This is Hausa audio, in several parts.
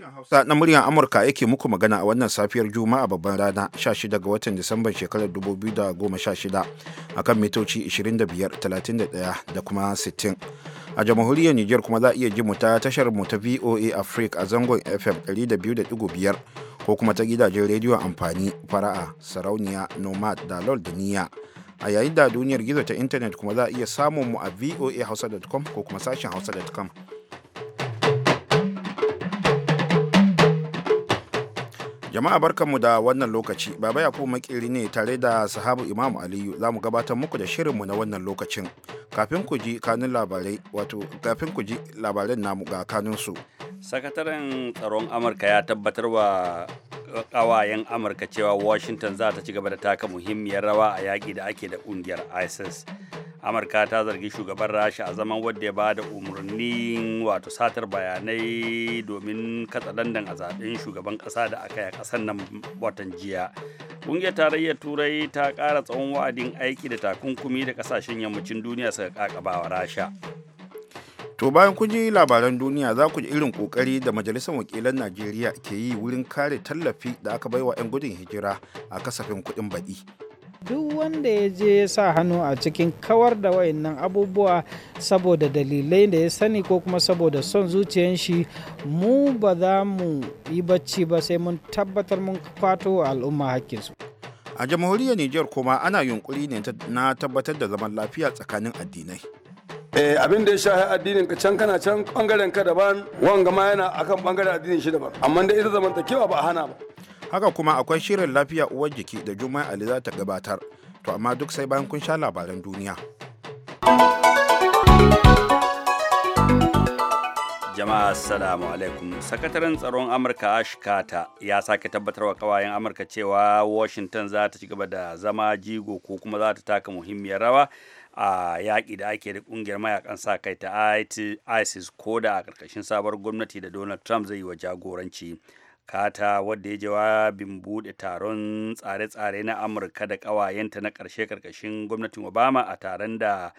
sashen Hausa na muryar Amurka yake muku magana a wannan safiyar Juma'a babban rana 16 ga watan Disamban shekarar 2016 akan mitoci 25, 31 da kuma 60. A jamhuriyar Nijar kuma za a iya ji mu ta tashar mu ta VOA Africa a zangon FM 200.5 ko kuma ta gidajen rediyon amfani fara'a sarauniya nomad da lol da niya a yayin da duniyar gizo ta intanet kuma za a iya samun mu a voahausa.com ko kuma sashen hausa.com Jama'a barkanmu da wannan lokaci, Baba Yakubu Makiri ne tare da sahabu Imamu Aliyu za mu gabatar muku da shirinmu na wannan lokacin. Kafin ku ji kanun labarai, wato kafin ku ji labaran namu ga kanunsu. Sakataren tsaron Amurka ya tabbatar wa kawayen Amurka cewa Washington za ta ci gaba da taka muhimmiyar rawa a yaƙi da ake da ƙungiyar ISIS. amurka ta zargi shugaban rasha a zaman wadda ya bada umarnin wato satar bayanai domin katsa dandan a zaben shugaban kasa da aka yi a kasan nan watan jiya ƙungiyar tarayyar turai ta ƙara tsawon wa'adin aiki da takunkumi da kasashen yammacin duniya suka kakabawa rasha to bayan kun ji labaran duniya za ku ji irin kokari da majalisar wakilan najeriya ke yi wurin kare tallafi da aka baiwa 'yan gudun hijira a kasafin kuɗin baɗi duk wanda ya je ya sa hannu a cikin kawar da wayannan abubuwa saboda dalilai da ya sani ko kuma saboda son zuciyan shi mu ba za mu yi bacci ba sai mun tabbatar mun kwato al'umma hakkinsu a jamhuriyar niger kuma ana yunkuri ne na tabbatar da zaman lafiya tsakanin addinai eh, abin da ya shafi addinin ka can kana can bangaren ka daban wanga ma yana akan bangaren addinin shi daban amma da ita zamantakewa ba a hana ba haka kuma akwai shirin lafiya uwar jiki da juma'a ali za ta gabatar to amma duk sai bayan kun sha labaran duniya jama'a assalamu alaikum sakataren tsaron amurka ash ya sake tabbatar wa kawayen amurka cewa washington za ta ci gaba da zama jigo ko kuma za ta taka muhimmiyar rawa a yaƙi da ake da ƙungiyar mayakan sa kai ta isis ko da a ƙarƙashin sabuwar gwamnati da donald trump zai yi wa jagoranci kata wadda ya jawabin buɗe taron tsare-tsare na amurka da ƙawayenta na karshe ƙarƙashin gwamnatin obama a taron da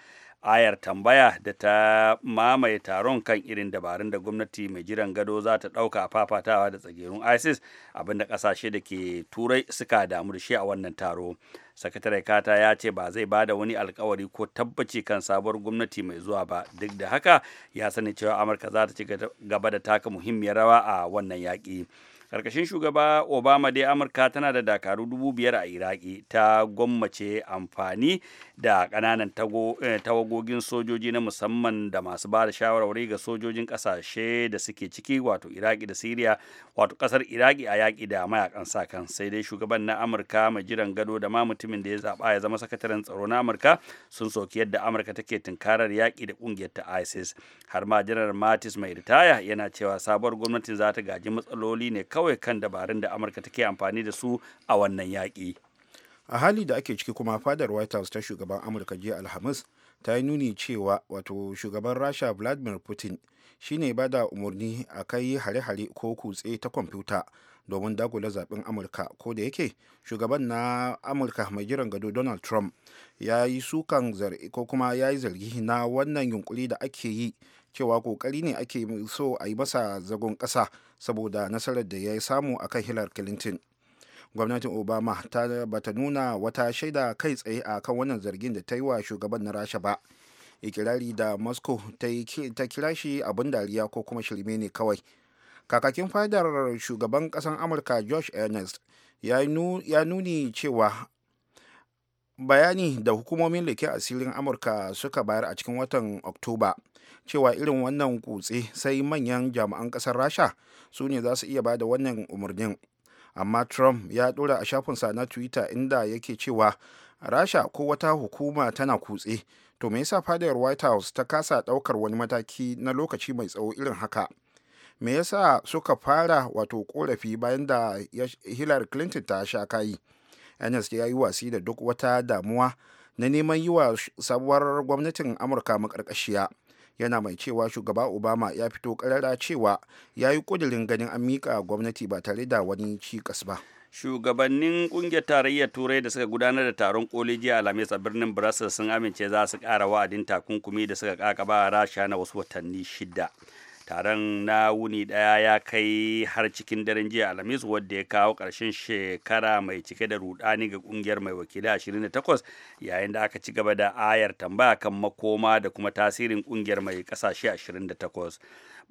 ayar tambaya da ta mamaye taron kan irin dabarun da gwamnati mai jiran gado za ta ɗauka fafatawa da tsagerun isis abinda ƙasashe da ke turai suka damu da shi a wannan taro sakatare kata ya ce ba zai bada wani alkawari ko tabbaci kan sabuwar gwamnati mai zuwa ba duk da haka ya sani cewa amurka za ta ci gaba da taka muhimmiyar rawa a wannan yaƙi karkashin shugaba obama dai amurka tana da dakaru dubu biyar a iraki ta gwammace amfani da kananan eh, tawagogin sojoji na musamman da masu ba da shawarwari ga sojojin kasashe da suke ciki wato iraki da siriya wato kasar iraki a yaƙi da mayakan sa kan sai dai shugaban na amurka mai jiran gado da ma mutumin da ya zaɓa ya zama sakataren tsaro na amurka sun soki yadda amurka take tunkarar yaƙi da ƙungiyar ta isis har ma janar matis mai ritaya yana cewa sabuwar gwamnatin za ta gaji matsaloli ne kawai kan dabarun da amurka take amfani da su a wannan yaƙi. a hali da ake ciki kuma fadar white house ta shugaban amurka jiya alhamis ta yi nuni cewa wato shugaban rasha vladimir putin shine ba da umarni a kai hare-hare ko kutse ta kwamfuta domin dagula zaben amurka ko da yake shugaban na amurka mai jiran gado donald trump ya yi sukan ko kuma ya yi zargi na wannan yunkuri da ake yi cewa kokari ne ake so a yi masa zagon ƙasa saboda nasarar da ya yi samu akan hillary clinton gwamnatin obama ta bata nuna wata shaida kai tsaye a kan wannan zargin da ta yi wa shugaban na rasha ba ikirari da moscow ta kira shi abin dariya ko kuma shirme ne kawai kakakin fadar shugaban kasan amurka josh ernest ya nuni cewa bayani da hukumomin leke asirin amurka suka bayar a cikin watan oktoba cewa irin wannan kutse sai manyan jami'an kasar rasha su ne za su iya bada wannan umarnin amma trump ya dora a shafinsa na twitter inda yake cewa rasha ko wata hukuma tana kutse to me yasa fadar white house ta kasa daukar wani mataki na lokaci mai tsawo irin haka me yasa suka fara wato korafi bayan da hillary clinton ta sha kayi ns ya yi wasi da duk wata damuwa na neman yi wa sabuwar gwamnatin amurka makarkashiya yana mai cewa shugaba obama ya fito karara cewa ya yi kudirin ganin an miƙa gwamnati ba tare da wani cikas ba shugabannin kungiyar tarayyar turai da suka gudanar da taron koli jiya alhamis a birnin brussels sun amince za su kara wa'adin takunkumi da suka kakaba rasha na wasu watanni shida taron na wuni daya ya kai har cikin daren jiya alhamis wadda ya kawo karshen shekara mai cike da rudani ga kungiyar mai wakilai 28 yayin da aka ci gaba da ayar tambaya kan makoma da kuma tasirin kungiyar mai kasashe 28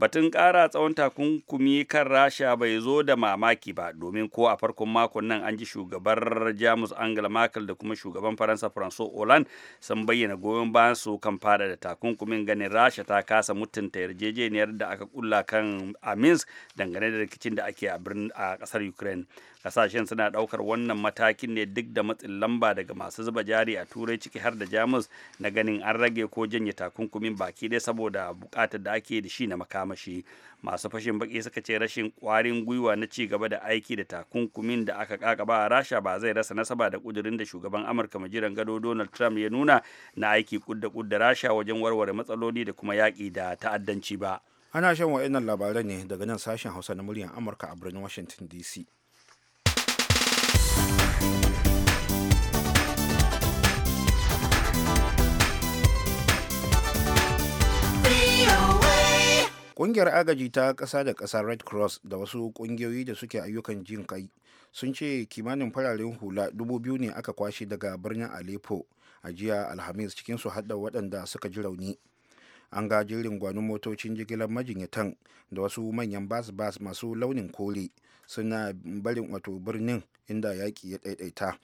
batun ƙara tsawon takunkumi kan rasha bai zo da mamaki ba domin ko a farkon makon nan an ji shugabar jamus angela merkel da kuma shugaban faransa francois hollande sun bayyana goyon bayan su kan fada da takunkumin ganin rasha ta kasa mutunta yarjejeniyar da aka kulla kan a minsk dangane da rikicin da ake a kasar ukraine kasashen suna ɗaukar wannan matakin ne duk da matsin lamba daga masu zuba jari a turai ciki har da jamus na ganin an rage ko janye takunkumin baki dai saboda buƙatar da ake da shi na makama makamashi masu fashin baki suka ce rashin kwarin gwiwa na ci gaba da aiki da takunkumin da aka kakaba a rasha ba zai rasa nasaba da kudirin da shugaban amurka jiran gado donald trump ya nuna na aiki kudda kudda rasha wajen warware matsaloli da kuma yaƙi da ta'addanci ba ana shan wa'annan labarai ne daga nan sashen hausa na muryan amurka a birnin washington dc Ƙungiyar agaji ta ƙasa da ƙasa Red Cross da wasu ƙungiyoyi da suke ayyukan jin kai sun ce kimanin fararen hula dubu biyu ne aka kwashe daga birnin Aleppo a jiya Alhamis cikinsu hada waɗanda suka ji rauni. An ga jerin gwanon motocin jigilar majinyatan da wasu manyan bas-bas masu launin kore suna barin wato birnin inda yaƙi ya ɗaiɗaita.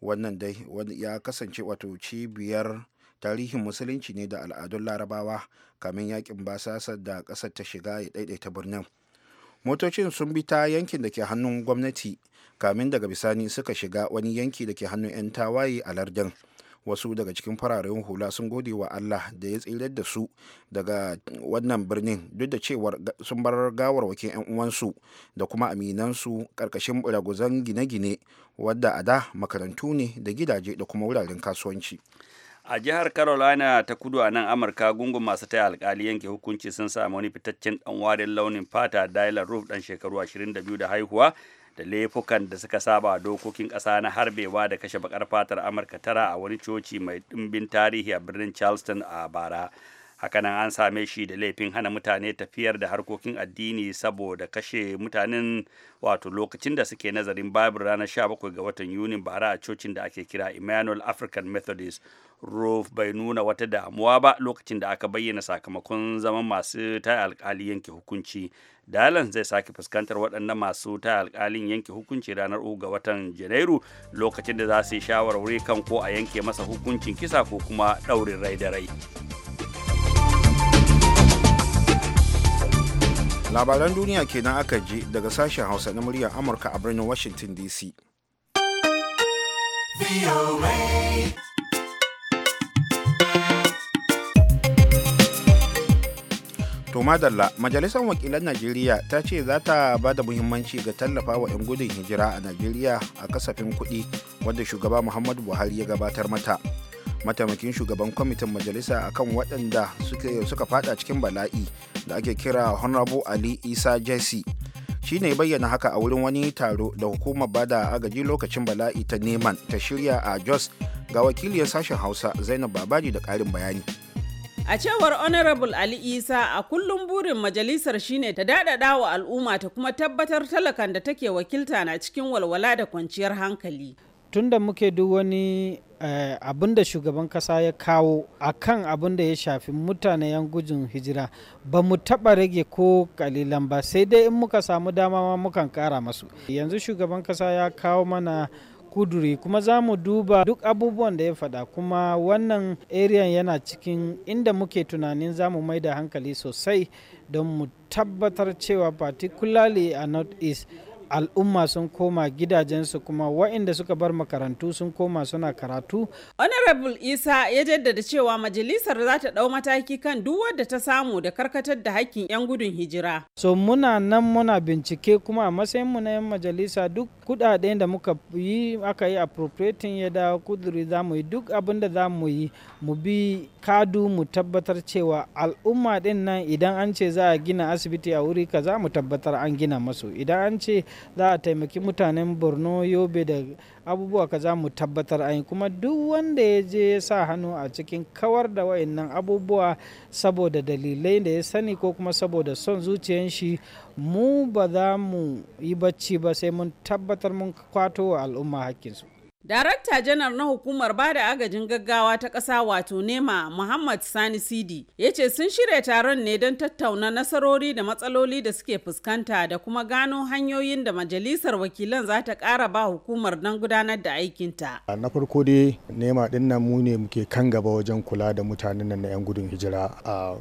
Wannan dai ya kasance wato cibiyar tarihin musulunci ne da al'adun larabawa kamin yakin basasa da ƙasar ta shiga ya daidaita birnin motocin sun bi ta yankin da ke hannun gwamnati kamin daga bisani suka shiga wani yanki da ke hannun 'yan tawaye a lardin wasu daga cikin fararen hula sun gode wa allah da ya tsirar da su daga wannan birnin duk da cewar sun bar gawarwakin 'yan uwansu da kuma aminansu karkashin raguzan gine-gine wadda a da makarantu ne da gidaje da kuma wuraren kasuwanci a jihar carolina ta kudu a nan amurka gungun masu taya alkali yanke hukunci sun samu wani fitaccen dan warin launin fata dylan roof dan shekaru 22 da haihuwa da laifukan da suka saba dokokin ƙasa na harbewa da kashe bakar fatar amurka tara a wani coci mai dimbin tarihi a birnin charleston a bara hakanan an same shi da laifin hana mutane tafiyar da harkokin addini saboda kashe mutanen wato lokacin da suke nazarin babur ranar 17 ga watan yuni bara a cocin da ake kira emmanuel african methodist roof bai nuna wata damuwa ba lokacin da aka bayyana sakamakon zaman masu ta alkali yanke hukunci dalan zai sake fuskantar waɗannan masu ta alkalin yanke hukunci ranar uku ga watan janairu lokacin da za su yi shawarwari kan ko a yanke masa hukuncin kisa ko kuma ɗaurin rai da rai labaran duniya kenan aka je daga sashen hausa na muryar amurka a birnin washington dc to madalla majalisar wakilan najeriya ta ce za ta ba da muhimmanci ga tallafa wa 'yan gudun hijira a najeriya a kasafin kudi wadda shugaba muhammadu buhari ya gabatar mata mataimakin shugaban kwamitin majalisa akan waɗanda suka fada cikin bala'i da ake kira honorable ali isa jesse shi ne bayyana haka a wurin wani taro da hukumar bada agaji lokacin bala'i ta neman ta shirya a jos ga wakiliyar sashen hausa zainab babaji da karin bayani A cewar Honorable Ali Isa a kullum burin majalisar shine ta daɗaɗa wa al'umma ta kuma tabbatar talakan da take wakilta na cikin walwala da kwanciyar hankali. Tunda muke duk wani Eh, abin da shugaban kasa ya kawo a kan abin da ya shafi mutane yan gujin hijira ba mu taɓa rage ko kalilan ba sai dai in muka samu dama ma mukan kara masu yanzu shugaban kasa ya kawo mana kuduri kuma za mu duba duk abubuwan da ya faɗa kuma wannan area yana cikin inda muke tunanin za mu mai da hankali sosai don mu tabbatar cewa particularly a north east al'umma sun koma gidajensu kuma waɗanda suka bar makarantu sun koma suna karatu. honorable isa ya jaddada cewa majalisar za ta ɗau mataki kan duk wadda ta samu da karkatar da hakkin 'yan gudun hijira. so muna nan muna bincike kuma a matsayin mu na 'yan majalisa duk kuɗaɗen da muka yi aka yi appropriating ya dawo kuduri za mu yi duk abin da za mu yi mu bi kadu mu tabbatar cewa al'umma ɗin nan idan an ce za a gina asibiti a wuri kaza mu tabbatar an gina masu idan an ce za a taimaki mutanen borno yobe da abubuwa ka za mu tabbatar an kuma duk wanda ya je ya sa hannu a cikin kawar da wayannan abubuwa saboda dalilai da ya sani ko kuma saboda son zuciyan shi mu ba za mu yi bacci ba sai mun tabbatar mun kwato wa al'umma hakkinsu Darakta janar na hukumar bada agajin gaggawa ta ƙasa wato nema Muhammad Sani Sidi ya ce sun shirya taron ne don tattauna nasarori da matsaloli da suke fuskanta da kuma gano hanyoyin da majalisar wakilan za ta ƙara ba hukumar don gudanar da aikinta. Na farko dai nema ɗin nan mu ne muke kan gaba wajen kula da mutanen nan na 'yan gudun hijira a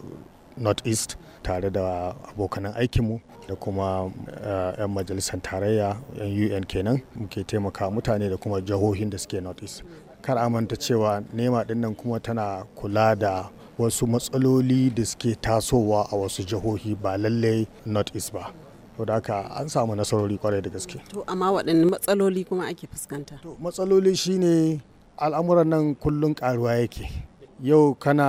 North East. tare da abokan aikinmu da kuma eh, 'yan majalisar tarayya 'yan un kenan muke taimaka mutane da kuma jihohin da suke northeast kar amanta cewa nema dinnan kuma tana kula da wasu matsaloli da suke tasowa a wasu jihohi ba lallai northeast ba da haka an samu nasarori kwarai da gaske to amma waɗanne matsaloli kuma ake fuskanta to matsaloli shine al'amuran nan kullum karuwa yake yau kana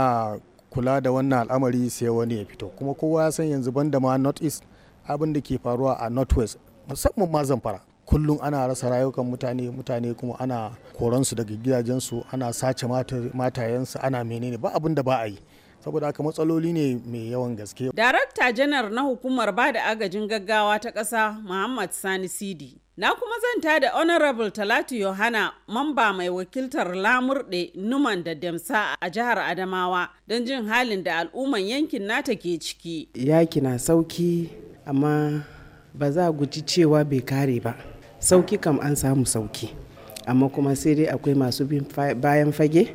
kula da wannan al'amari sai wani ya fito kuma kowa ya san yanzu banda ma north east abin da ke faruwa a north west musamman ma zamfara kullum ana rasa rayukan mutane mutane kuma ana koransu daga gidajensu ana sace matayensu ana menene ba abin da ba a yi saboda haka matsaloli ne mai yawan gaske. Darakta janar na hukumar ba da agajin gaggawa ta ƙasa Muhammad Sani Sidi Na kuma zanta da Honorable Talatu Yohana, mamba mai wakiltar Lamurde, Numan da Demsa a jihar Adamawa don jin halin da al'umman yankin nata ke ciki. Yaki na sauki, amma ba za a guji cewa bai kare ba. Sauki kam an samu sauki, amma kuma sai dai akwai masu bin bayan fage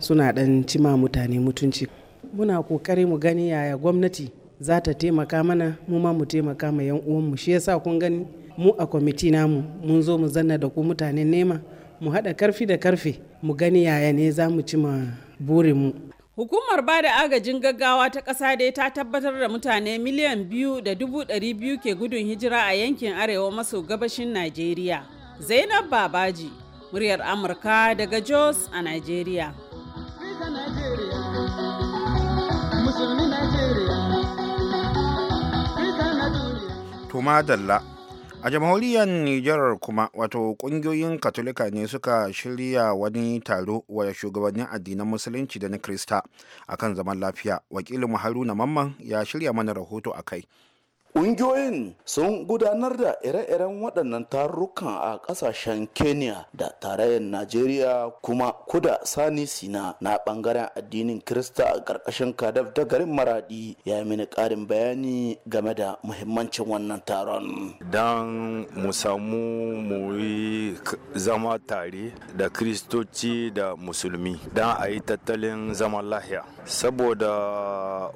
suna ɗan cima mutane mutunci. Muna kokari mu gani yaya gwamnati za ta taimaka mana, mu ma mu taimaka ma 'yan uwanmu. Shi yasa kun gani mu a kwamiti namu mun zo mu zanna da ku mutanen nema mu haɗa karfi da karfe mu gani yaya ne za mu ci ma burinmu Hukumar ba da agajin gaggawa ta ƙasa dai ta tabbatar da mutane miliyan biyu da dubu ɗari biyu ke gudun hijira a yankin arewa maso gabashin Najeriya. Zainab Babaji, muryar Amurka daga Jos a Najeriya. Tuma Dalla a jamhuriyar niger kuma wato kungiyoyin katolika ne suka shirya wani taro wa shugabannin addinan musulunci da na krista akan zaman lafiya wakilin haruna mamman ya shirya mana rahoto a kai Ƙungiyoyin sun gudanar da ire-iren waɗannan tarurrukan a ƙasashen Kenya da tarayyar Najeriya kuma kuda Sani Sina na ɓangaren addinin Kirista a ƙarƙashin Kadaf da garin Maradi ya mini ƙarin bayani game da muhimmancin wannan taron. Don mu samu mu yi zama tare da Kiristoci da Musulmi don a yi tattalin zaman lahiya. saboda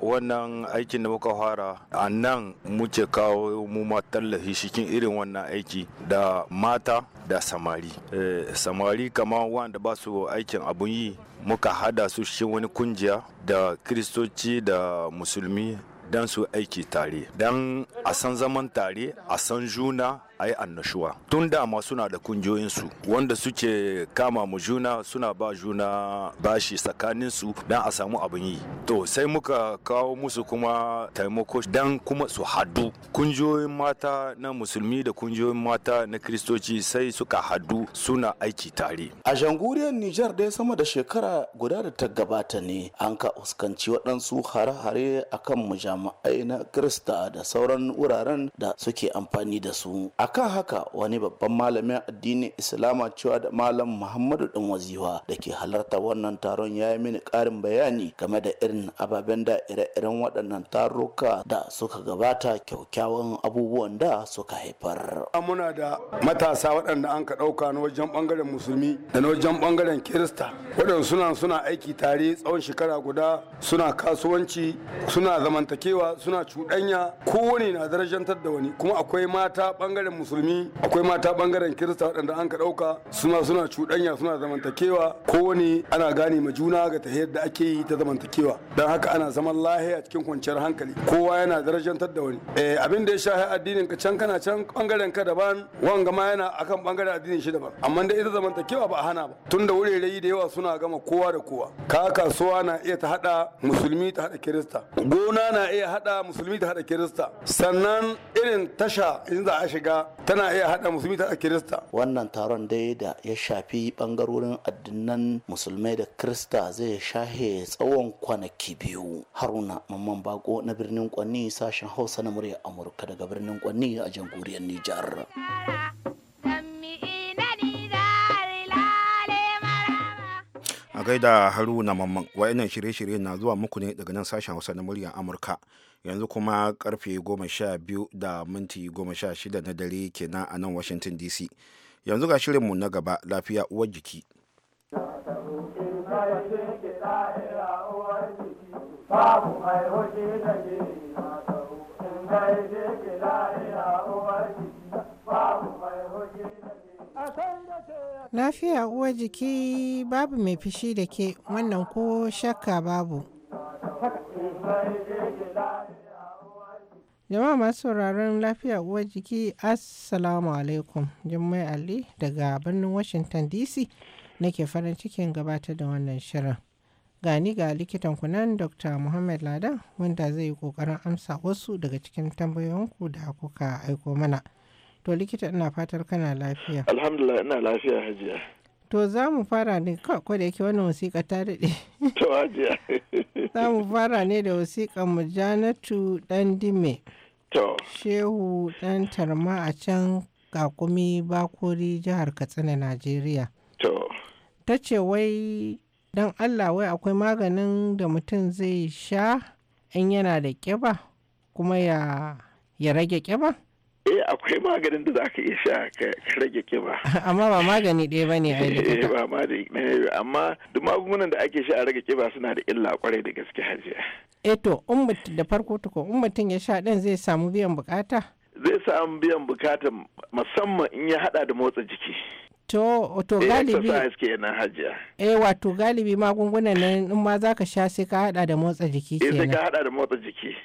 wannan aikin da muka fara a nan muke kawo mu ma tallafi cikin irin wannan aiki da mata da samari eh, samari kama wanda ba su aikin abun yi muka hada su cikin wani kungiya da kiristoci da musulmi don su aiki tare don a san zaman tare a san juna a yi annashuwa tun dama suna da kungiyoyinsu wanda suke kama mu juna suna ba juna bashi tsakaninsu don a samu abin yi to sai muka kawo musu kuma taimako don kuma su hadu kungiyoyin mata na musulmi da kungiyoyin mata na kristoci sai suka hadu suna aiki tare a janguriyar nijar dai sama da shekara guda da ta gabata ne an ka fuskanci waɗansu hare-hare akan mujami'ai na krista da sauran wuraren da suke amfani da su akan haka wani babban malamin addinin islama cewa da malam muhammadu dan waziwa da ke halarta wannan taron ya yi mini karin bayani game da irin ababen da ire-iren waɗannan taruka da suka gabata kyaukyawan abubuwan da suka haifar muna da matasa waɗanda an ka ɗauka na wajen ɓangaren musulmi da na wajen ɓangaren kirista waɗanda suna suna aiki tare tsawon shekara guda suna kasuwanci suna zamantakewa suna cuɗanya kowane na darajantar da wani kuma akwai mata ɓangaren musulmi akwai mata bangaren kirista waɗanda an ka ɗauka suna suna cuɗanya suna zamantakewa ko wani ana gane ma juna ga ta yadda ake yi ta zamantakewa don haka ana zaman lahiya cikin kwanciyar hankali kowa yana darajantar da wani eh, abin da ya shahi addinin ka can kana can bangaren ka daban wanga ma yana akan bangaren addinin shi daban amma da ita zamantakewa ba a hana ba tun da wurare da yawa suna gama kowa da kowa ka kasuwa na iya ta hada musulmi ta hada kirista gona na iya hada musulmi ta hada kirista sannan irin tasha in za a shiga tana iya haɗa musulmi ta kirista wannan taron dai da ya shafi bangarorin addinan musulmai da kirista zai shahe tsawon kwanaki biyu haruna mamman bako na birnin kwanni sashen hausa na murya amurka daga birnin kwanni a jamhuriyar nijar gaida haruna mamman wayannan shirye-shirye na zuwa muku ne daga nan sashen hausa na muryar amurka yanzu kuma karfe 12 da minti 16 na dare kenan a nan washington dc yanzu ga shirinmu na gaba lafiya uwar jiki Lafiya uwa jiki babu mai fishi da ke wannan ko shakka babu. Jama'a masu sauraron lafiya uwar jiki Assalamu alaikum. Jummai Ali daga birnin Washington DC nake farin cikin gabatar da wannan shirin. Gani ga likitan kunan Dr. Muhammad Ladan wanda zai yi kokarin amsa wasu daga cikin tambayoyinku da kuka aiko mana. To likita ina fatar kana lafiya. Alhamdulillah ina lafiya hajiya. To za mu fara ne ko da yake wannan wasiƙa ta daɗe. To hajiya. za mu fara ne da wasiƙan mu Janatu ɗan Dime. To. Shehu ɗan Tarma a can Kakumi Bakori jihar Katsina Najeriya. To. Ta ce wai don Allah wai akwai maganin da mutum zai sha in yana da ƙiba kuma ya, ya rage ƙiba? eh akwai maganin da za ka iya sha ka rage kiba amma ba magani ɗaya ba ne ai eh, ba magani ɗaya amma duk magungunan da ake sha a rage kiba suna da illa kwarai da gaske hajiya eh to da farko tuko in mutum ya sha ɗin zai samu biyan bukata zai samu biyan bukata musamman in ya hada da motsa jiki to to eh, galibi eh kenan hajiya eh wato galibi magungunan nan in ma zaka sha sai ka hada da motsa jiki kenan eh sai ka hada da motsa jiki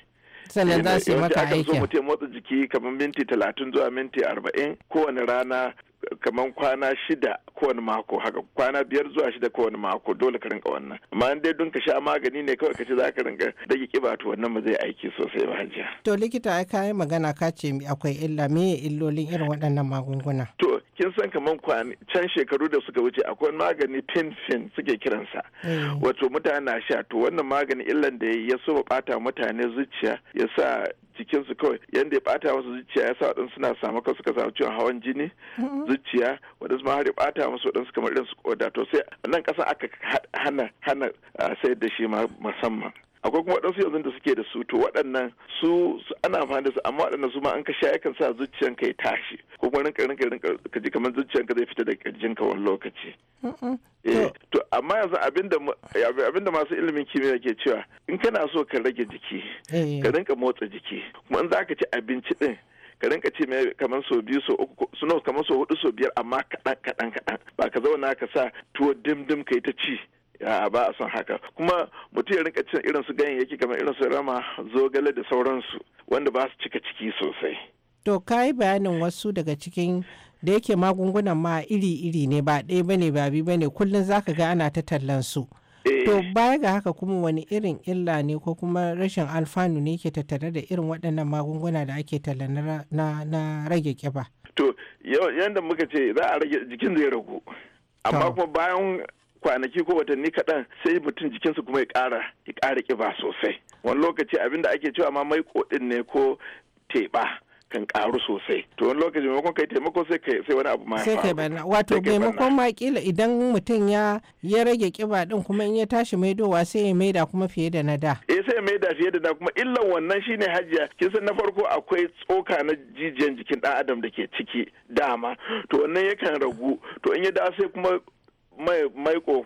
sannan za su yi maka aikin. Yakan zo mutum motsa jiki kamar minti talatin zuwa minti arba'in kowane rana kamar kwana shida kowane mako haka kwana biyar zuwa shida kowane mako dole ka rinka wannan amma in dai don ka sha magani ne kawai ka ce za ka rinka dage kiba to wannan ba zai aiki sosai ba hajiya. to likita ai kayi magana ka ce akwai illa me illolin irin waɗannan magunguna. to kin san kamar can shekaru da suka wuce akwai magani finfin suke kiransa eh. wato mutane na sha to wannan magani illan da ya so bata mutane zuciya ya sa jikinsu kawai yadda ya bata musu zuciya ya sa waɗansu suna samu kansu ka samu ciwon hawan jini mm-hmm. zuciya waɗansu ma har ya bata masu waɗansu kamar irin su koda to sai nan ƙasa aka hana hana ah, sayar da shi ma musamman akwai kuma waɗansu yanzu da suke da su to waɗannan su ana amfani da su amma waɗannan su ma an ka sha yakan sa zuciyanka ya tashi ko kuma rinka rinka rinka ka ji kamar zuciyanka zai fita daga kirjinka wani lokaci. Eh, to amma yanzu abinda masu ilimin kimiyya ke cewa in kana so ka rage jiki eh. ka rinka motsa jiki kuma in za ka ci abinci din ka rinka ce mai kamar so biyu so uku suna kamar so hudu so biyar amma kaɗan kaɗan kaɗan ba ka zauna ka sa tuwo dim dim ka yi ta ci a ba a son haka kuma mutum ya rinka cin irin su ganyayyaki kamar irin su rama zogale da sauransu wanda ba su cika ciki sosai to ka bayanin wasu daga cikin da yake magungunan ma iri-iri ne ba ɗaya bane ne ba biyu bane ne kullum ga ana ta tallan su eh. to baya ga haka kuma wani irin illa ne ko kuma rashin alfanu ne ke tattare da irin waɗannan magunguna da ake talla na rage kiba to yadda muka ce za a rage jikin zai ragu amma kuma bayan kwanaki ko watanni kaɗan sai mutum jikinsu kuma ya ƙara ya ƙara ƙiba sosai wani lokaci abin da ake cewa ma mai koɗin ne ko teɓa kan ƙaru sosai to wani lokaci maimakon kai taimako sai kai sai wani abu ma sai kai bana wato maimakon ma kila idan mutum ya ya rage ƙiba ɗin kuma in ya tashi maidowa sai ya maida kuma fiye da na da eh sai ya maida fiye da da kuma illan wannan shine hajiya kin san na farko akwai tsoka na jijiyan jikin ɗan adam da ke ciki dama to wannan yakan ragu to in ya da sai kuma mai ko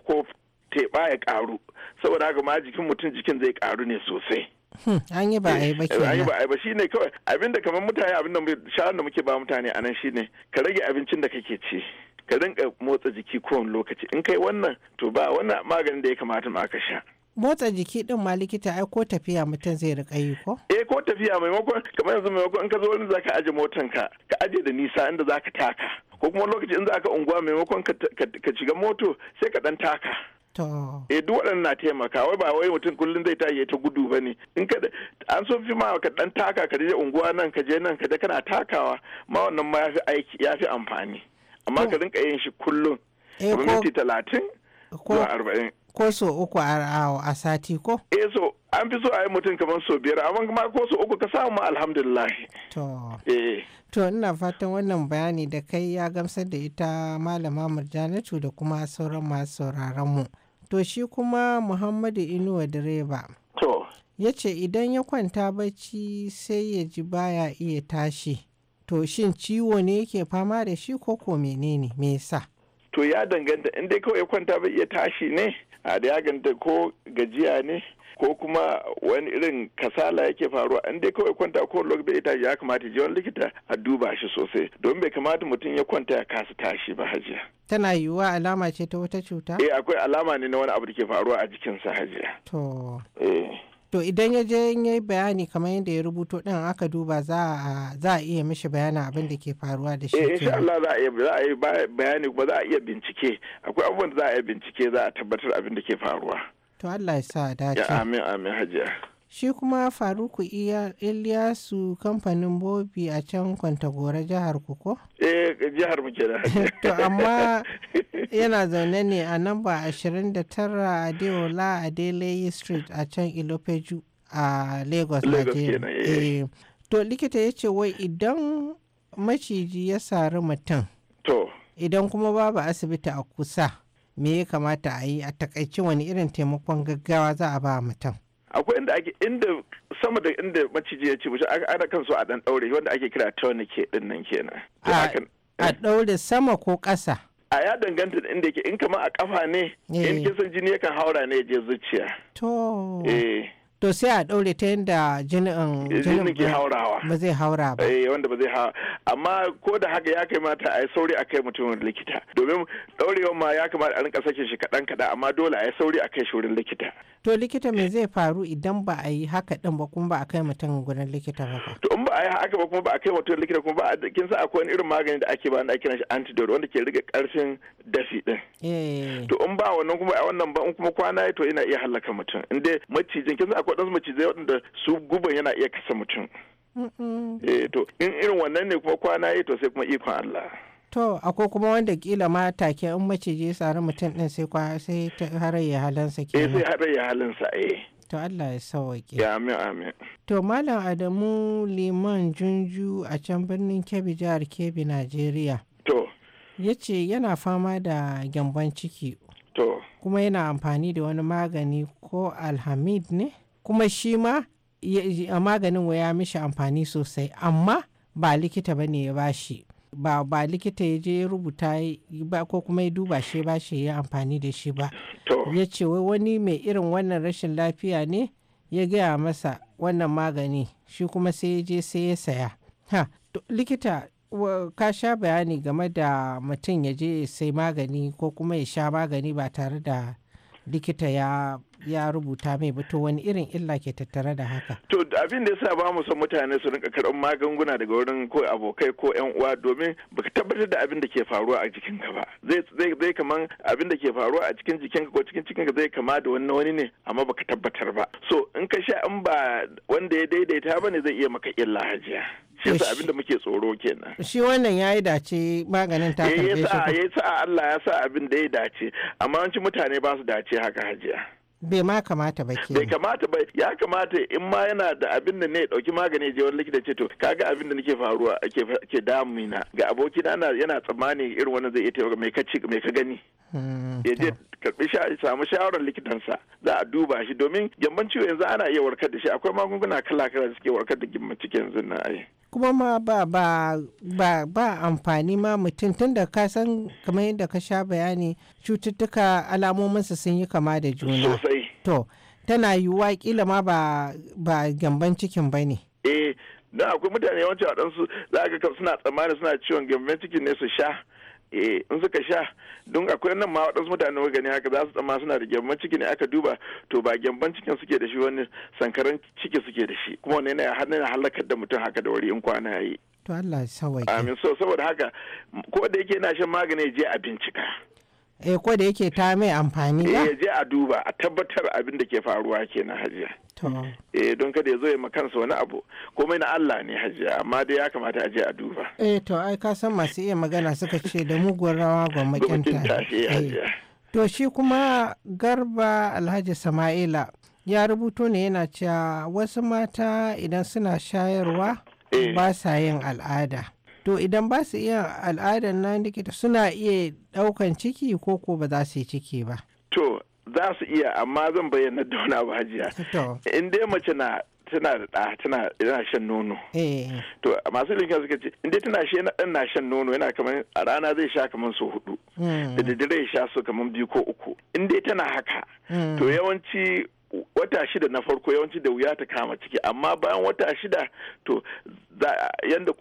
teɓa ya ƙaru saboda haka ma jikin mutum jikin zai ƙaru ne sosai hmm, an yi ba a yi ba eh, an yi ba a yi ba shine kawai abinda kamar mutane abinda shawarar da muke ba mutane anan shine ka rage abincin da kake ci ka rinka motsa jiki kowane lokaci in kai wannan to ba wannan maganin da ya kamata ma ka sha motsa jiki din ma likita ai ko tafiya mutum zai rika yi ko eh ko tafiya maimakon kamar yanzu maimakon in ka zo wani zaka aje motan ka ka aje da nisa inda zaka taka ko kuma lokaci in za ka unguwa maimakon ka shiga moto sai ka dan taka e duk waɗannan na taimaka wai ba wai mutum kullum zai tashi ta gudu ba ne in ka an so fi ma ka dan taka ka je unguwa nan ka je nan ka je kana takawa ma wannan ma yafi aiki yafi amfani amma ka rinka yin shi kullum eh, minti talatin zuwa arba'in ko so uku a sati ko eh so an fi so a yi mutum kamar so biyar amma ko so uku ka samu alhamdulillah to eh To ina fatan wannan bayani da kai ya gamsar da ita malama murjanatu da kuma sauran masu sauraron mu. To shi kuma Muhammadu Inuwa direba. To. Ya ce idan ya kwanta bacci sai ya ji baya iya tashi. To shin ciwo ne yake fama da shi ko ko menene me yasa? To ya danganta in dai kawai ya kwanta bai iya tashi ne a da ya ganta ko gajiya ne ko kuma wani irin kasala yake faruwa in dai kawai kwanta ko lokaci bai ita ya kamata je wani likita a duba shi sosai don bai kamata mutum ya kwanta ya kasa tashi ba hajiya tana yiwuwa alama ce ta wata cuta eh akwai alama ne na wani abu da ke faruwa a jikinsa hajiya to eh to idan ya je in yi bayani kamar yadda ya rubuto din aka duba za a iya mishi bayanin abin da ke faruwa da shi eh, insha Allah za a za a bayani kuma za a iya bincike akwai abubuwan da za a iya bincike za a tabbatar abin da ke faruwa To Allah ya sa dace. Ya amin amin hajiya. Shi kuma Faruku Iliyasu kamfanin Bobi a can Kwantagora jihar Eh jihar mu kenan. To amma yana zaune ne a namba 29 a Adelaye Street a can Ilopeju a Lagos, Nigeria. Eh. Eh, to likita ya ce wai idan maciji ya sari mutum. To. Idan kuma babu asibiti a kusa. me ya kamata a yi a takaice wani irin taimakon gaggawa za a ba mutum akwai inda ake inda sama da inda maciji ya ce wuce ana kan so a dan daure wanda ake kira tourniquet din nan kenan a daure sama ko kasa a ya danganta da inda yake in kama a kafa ne eh. in kisan jini yakan haura ne ya je zuciya to eh. to sai a ɗaure ta yadda eh, jinin ke haurawa ba zai haura ba eh wanda ba zai ha amma ko da haka ya kamata a yi sauri a kai mutumin likita domin ɗaurewa ma ya kamata a rinka sake shi kaɗan kaɗan amma dole a yi sauri a kai shi wurin likita To likita me zai faru idan ba a yi haka din ba kuma ba a kai mutum gurin likita ba. To in ba a yi haka ba kuma ba a kai mutum likita kuma ba a kin sa akwai wani irin magani da ake ba na kiran shi antidote wanda ke rike karfin dafi din. Eh. To in ba wannan kuma a wannan ba in kuma kwana to yana iya halaka mutum. In dai macijin kin sa akwai dan macijai waɗanda su guban yana iya kasa mutum. Eh to in irin wannan ne kuma kwana to sai kuma ikon Allah. to akwai kuma wanda kila ma take in mace ya sari mutum din sai kwa sai harayya halansa eh, ke sai harayya halansa eh to Allah ya sauke ya amin amin to malam Adamu Liman Junju a can birnin Kebbi jihar Kebbi Najeriya to yace yana fama da gyamban ciki to kuma yana amfani da wani magani ko alhamid ne kuma shi ma a maganin ya mishi amfani sosai amma ba likita bane ya bashi ba ba likita ya je rubuta ba ko kuma ya duba shi ba shi ya amfani da shi ba ya ce wai wani mai irin wannan rashin lafiya ne ya gaya masa wannan magani shi kuma sai ya je sai ya saya ha likita ka sha bayani game da mutum ya je sai magani ko kuma ya sha magani ba tare da likita ya ya rubuta mai ba wani irin illa ke tattare da haka to abin da yasa ba mu son mutane su rinka karɓar magunguna daga wurin ko abokai ko ƴan uwa domin baka tabbatar da abin da ke faruwa a jikinka ba zai zai zai kaman abin da ke faruwa a cikin jikinka ko cikin ka zai kama da wani wani ne amma baka tabbatar ba so in ka sha in ba wanda ya daidaita ba ne zai iya maka illa hajiya shi yasa abin da muke tsoro kenan shi wannan ya yi dace maganin ta eh, karfe shi ya sa Allah ya sa abin da ya dace amma yawanci mutane ba su dace haka hajiya bai ma kamata ba ke bai kamata ba ya kamata in ma yana da abin da ne dauki magani je wani likita ce to kaga abin da nake faruwa ake ke damuna ga abokina yana tsammani irin wani zai iya taimaka mai ka ci mai ka gani hmm, ya je karbi samu shawarar likitansa za a duba shi domin gyamban ciwo yanzu ana iya warkar da shi akwai magunguna kala kala da suke warkar da gyamban ciki yanzu na ai kuma ma ba ba ba ba amfani ma mutum tunda ka san kamar yadda ka sha bayani cututtuka alamominsu sun yi kama da juna sosai to tana yiwuwa kila ma ba ba gyamban cikin ba ne eh don akwai mutane yawanci waɗansu za ka suna tsammani suna ciwon gyamban cikin ne su sha eh in suka sha don akwai nan ma waɗansu mutane gani haka za su tsama suna da gyamban ciki ne aka duba to ba gyamban cikin suke da shi wani sankaran ciki suke da shi kuma wani yana halakar da mutum haka da wuri in kwana yi. to Allah amin so saboda haka ko da yake na shan magani je a bincika eh ko da yake ta mai amfani ba eh je a duba a tabbatar abin da ke faruwa kenan hajiya eh don kada ya zo ya makansa wani abu komai na Allah ne hajiya amma dai ya kamata a je a duba eh to ai ka san masu iya magana suka ce da mugun rawa ga makinta eh. to shi kuma garba alhaji sama'ila ya rubuto ne yana cewa wasu mata idan suna shayarwa eh. ba sa yin al'ada to idan ba su iya al'adar na likita suna iya ɗaukan ciki ko ko ba za su yi ciki ba to za su iya amma zan bayyana da wani abu hajiya in dai mace na tana da ɗa tana yana shan nono. Eh. To masu linka suka ce dai tana shi yana ɗan na shan nono yana kamar a rana zai sha kamar so hudu. Hmm. Da dare ya sha so kamar biyu ko uku. In dai tana haka. Hmm. To yawanci wata shida na farko yawanci da wuya ta kama ciki amma bayan wata shida to yadda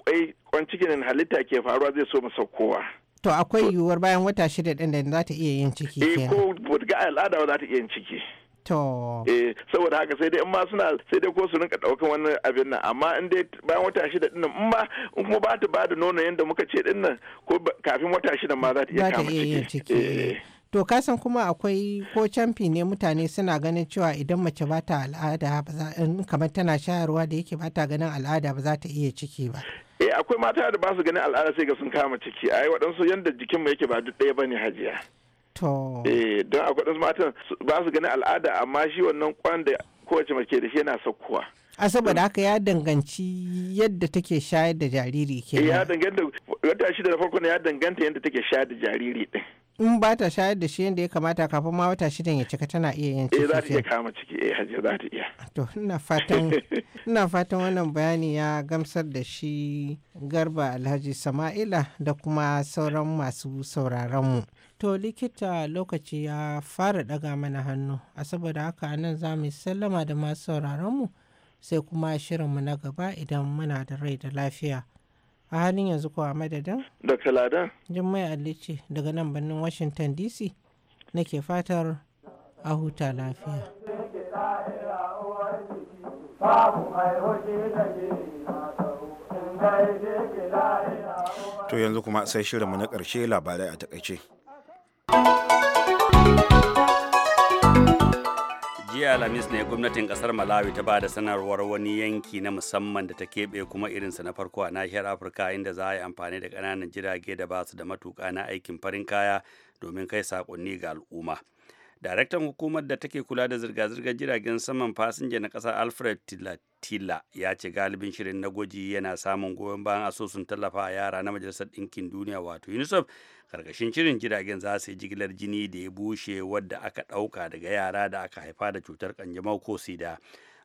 kwan cikin halitta ke faruwa zai so mu saukowa to akwai yiwuwar bayan wata shida din da za ta iya yin ciki eh ko ga al'ada za ta iya yin ciki To. Eh saboda haka sai dai in ma suna sai dai ko su rinka daukan wannan abin nan amma in dai bayan wata shida din nan in ma in kuma ba ta ba da nono yadda muka ce din nan ko kafin wata shida ma za ta iya kama ciki. Eh. to kasan kuma akwai ko camfi ne mutane suna ganin cewa idan mace ba ta al'ada kamar tana shayarwa da yake ba ta ganin al'ada ba za ta iya ciki ba eh akwai mata da ba su ganin al'ada sai ga sun kama ciki ai waɗansu yadda jikin mu yake ba duk ɗaya bane hajiya to eh don akwai ɗansu matan ba su ganin al'ada amma shi wannan kwan da kowace mace da shi yana saukowa a saboda haka ya danganci yadda take shayar da jariri ke eh, ya danganta wata farko ne ya danganta yadda take shayar da jariri din in ba ta shayar da shi yadda ya kamata kafin ma wata shidan ya cika tana iya yin ciki. Eh za kama ciki eh hajji za ta iya. To ina fatan wannan bayani ya gamsar da shi Garba Alhaji Sama'ila da kuma sauran masu sauraron mu. To likita lokaci ya fara daga mana hannu a saboda haka nan za mu sallama da masu sauraron mu sai kuma shirin mu na gaba idan muna da rai da lafiya. a halin yanzu kuwa madadin dr ladan jimmai alice daga nan birnin washington dc ke fatar a huta lafiya to yanzu kuma sai shirinmu na ƙarshe labarai a takaice. alhamis ne gwamnatin kasar malawi ta ba da sanarwar wani yanki na musamman da ta keɓe kuma irinsa na farko a nahiyar afirka inda za a yi amfani da ƙananan jirage da ba su da matuƙa na aikin farin kaya domin kai saƙonni ga al'umma daraktan hukumar da take kula da zirga-zirgar jiragen saman fasinja na kasar alfred tila ya ce galibin shirin na gwaji yana samun goyon bayan asusun tallafa a yara na majalisar ɗinkin duniya wato unicef karkashin shirin jiragen za su yi jigilar jini da ya bushe wadda aka ɗauka daga yara da aka haifa da cutar kanjamau ko sida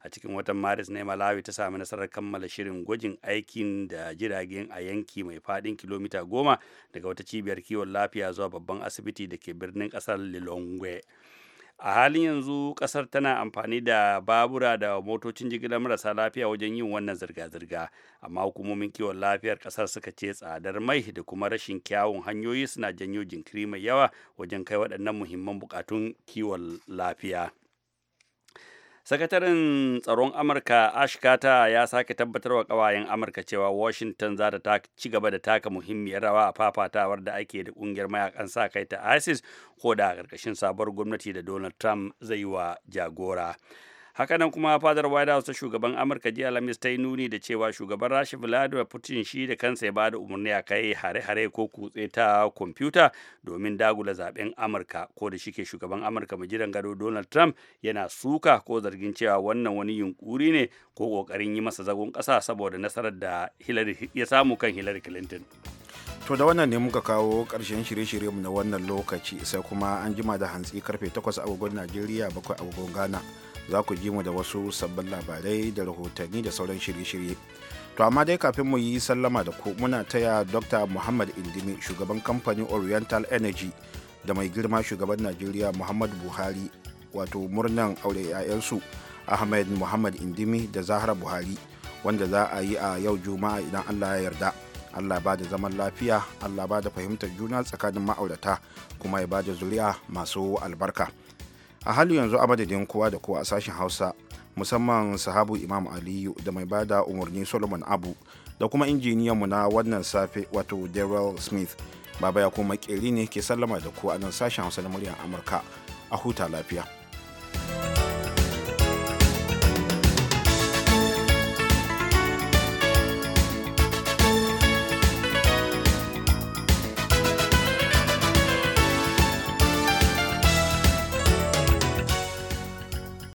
a cikin watan maris ne malawi ta sami nasarar kammala shirin gwajin aikin da jiragen a yanki mai faɗin kilomita goma daga wata cibiyar kiwon lafiya zuwa babban asibiti da ke birnin kasar lilongwe a halin yanzu kasar tana amfani da babura da motocin jigilar marasa lafiya wajen yin wannan zirga-zirga amma hukumomin kiwon lafiyar kasar suka ce tsadar mai da kuma rashin kyawun hanyoyi suna janyo jinkiri mai yawa wajen kai waɗannan muhimman bukatun kiwon lafiya sakataren tsaron amurka ash ya sake tabbatar wa kawayen amurka cewa washington za ta ci gaba da taka muhimmiyar rawa a fafatawar da ake da kungiyar mayakan sa kai ta isis ko da a ƙarƙashin sabuwar gwamnati da donald trump zai wa jagora hakanan kuma fadar white house ta shugaban amurka jiya lamis ta yi nuni da cewa shugaban rasha vladimir putin shi da kansa ya ba da umarni a kai hare-hare ko kutse ta kwamfuta domin dagula zaben amurka ko da shike shugaban amurka mai jiran gado donald trump yana suka ko zargin cewa wannan wani yunkuri ne ko kokarin yi masa zagon kasa saboda nasarar da ya samu kan hillary clinton to da wannan ne muka kawo karshen shirye-shirye na wannan lokaci sai kuma an jima da hantsi karfe 8 agogon najeriya bakwai agogon ghana za ku ji mu da wasu sabbin labarai da rahotanni da sauran shirye-shirye to amma dai kafin mu yi sallama da ku muna taya dr muhammad indimi shugaban kamfanin oriental energy da mai girma shugaban najeriya muhammad buhari wato murnan aure 'ya'yansu ahmed muhammad indimi da zahra buhari wanda za a yi a yau juma'a idan allah ya yarda allah ba da zaman lafiya allah ba da fahimtar juna tsakanin ma'aurata kuma ya ba da zuri'a masu albarka a hali yanzu a madadin kowa da kowa a sashen hausa musamman sahabu imam aliyu da mai bada umarni solomon abu da kuma injiniyanmu na wannan safe wato daryl smith baba ya kuma makeri ne ke sallama da kowa a nan sashen hausa na muryar amurka a huta lafiya